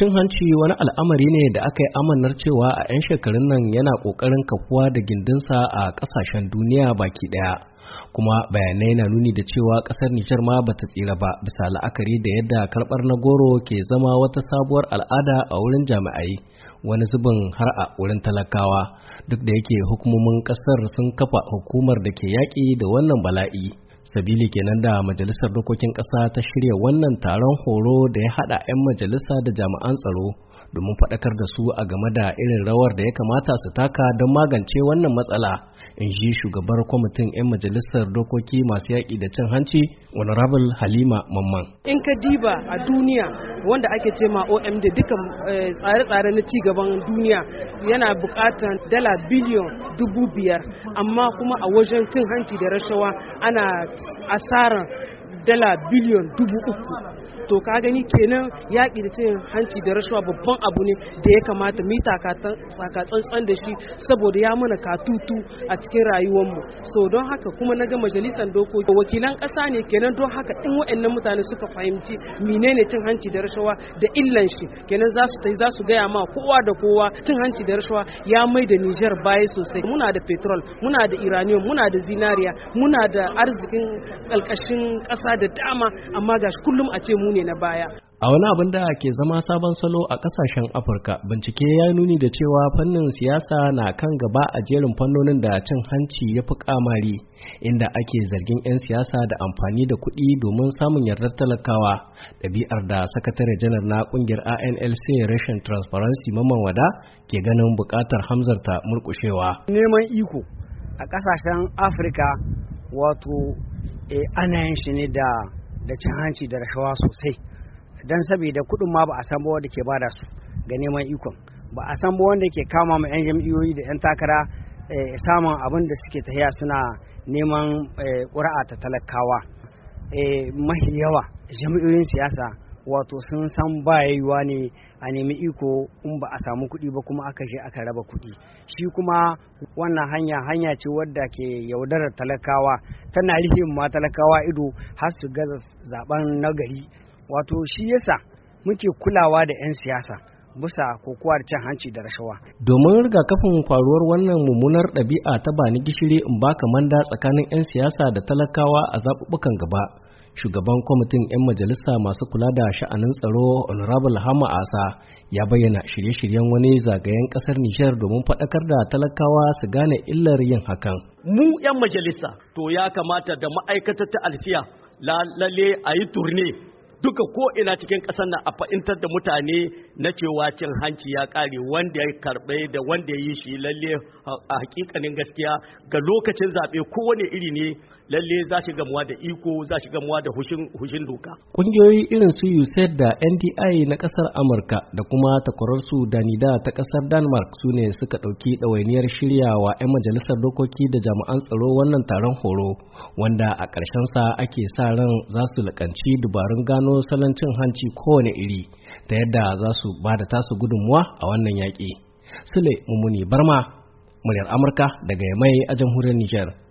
Cin hanci wani al'amari ne da aka yi amanar cewa a 'yan shekarun nan yana ƙoƙarin kafuwa da gindinsa a ƙasashen duniya baki ɗaya. Kuma bayanai na nuni da cewa ƙasar Nijar ma bata tsira ba bisa la'akari da yadda karɓar na goro ke zama wata sabuwar al'ada a wurin jami'ai wani zubin har a wurin talakawa duk da yake hukumomin ƙasar sun kafa hukumar da ke yaƙi da wannan bala'i. sabili kenan da majalisar dokokin ƙasa ta shirya wannan taron horo da ya haɗa 'yan majalisa da jami'an tsaro domin faɗakar da su a game da irin rawar da ya kamata su taka don magance wannan matsala in ji shugabar kwamitin 'yan majalisar dokoki masu yaƙi da cin hanci honorable halima mamman in ka diba a duniya wanda ake ce ma OMD duka eh, tsare-tsare na cigaban duniya yana bukatar dala biliyon dubu biyar amma kuma a wajen cin hanci da rashawa ana asarar dala biliyon dubu uku to ka gani kenan yaƙi da cin hanci da rashawa babban abu ne da ya kamata mu yi tsantsan da shi saboda ya mana katutu a cikin rayuwarmu so don haka kuma na ga majalisar dokoki wakilan ƙasa ne kenan don haka in waɗannan mutane suka fahimci menene cin hanci da rashawa da illan shi kenan za su tai za su gaya ma kowa da kowa cin hanci da rashawa ya mai da Nijar baya sosai muna da petrol muna da iranium muna da zinariya muna da arzikin ƙalƙashin ƙasa ƙasa da dama amma ga kullum a ce mu ne na baya a wani abin da ke zama sabon salo a kasashen afirka bincike ya nuni da cewa fannin siyasa na kan gaba a jerin fannonin da cin hanci ya fi kamari inda ake zargin 'yan siyasa da amfani da kuɗi domin samun yardar talakawa ɗabi'ar da sakatare janar na ƙungiyar anlc rashin transparency maman wada ke ganin buƙatar hamzarta murƙushewa neman iko a kasashen afirka wato Eh, ana yin shi ne da da cin hanci da rashawa sosai don saboda kuɗin ma ba a san ba wanda ke bada su ga neman ikon ba a san ba wanda ke kama ma 'yan jam'iyyoyi da 'yan takara eh, samun abin da suke tahiya suna neman eh, ƙuri'a ta talakawa mahi yawa jam'iyyoyin siyasa wato sun san ba ne a nemi iko in ba a samu kuɗi ba kuma aka je aka raba kuɗi shi kuma wannan hanya hanya ce wadda ke yaudarar talakawa tana rike ma talakawa ido har su gaza zaben nagari wato shi yasa muke kulawa da 'yan siyasa bisa kokowar cin hanci da rashawa. Domin riga rigakafin faruwar wannan mummunar ɗabi'a ta bani gishiri in baka manda tsakanin 'yan siyasa da talakawa a zaɓuɓɓukan gaba. shugaban kwamitin 'yan majalisa masu kula da sha'anin tsaro honorable hama asa ya bayyana shirye-shiryen wani zagayen kasar nishar domin faɗakar da talakawa su gane illar yin hakan mu 'yan majalisa to ya kamata da ma'aikatar ta alfiya lalle a yi turne duka ko ina cikin ƙasar na a fa'intar da mutane na cewa cin hanci ya ƙare wanda ya karɓe da wanda ya yi shi lalle a hakikanin gaskiya ga lokacin zaɓe kowane iri ne lalle za shi gamuwa da iko za shi gamuwa da hushin doka kungiyoyi irin su USAID da NDI na kasar Amurka da kuma takwararsu Danida ta kasar Denmark su ne suka ɗauki ɗawainiyar wa 'yan majalisar dokoki da jami'an tsaro wannan taron horo wanda a ƙarshen sa ake sa ran za su lakanci dubarun gano salon cin hanci kowane iri ta yadda za su ba da tasu gudunmuwa a wannan yaƙi. Sule Mumuni Barma, muryar Amurka daga Yamai a jamhuriyar Nijar.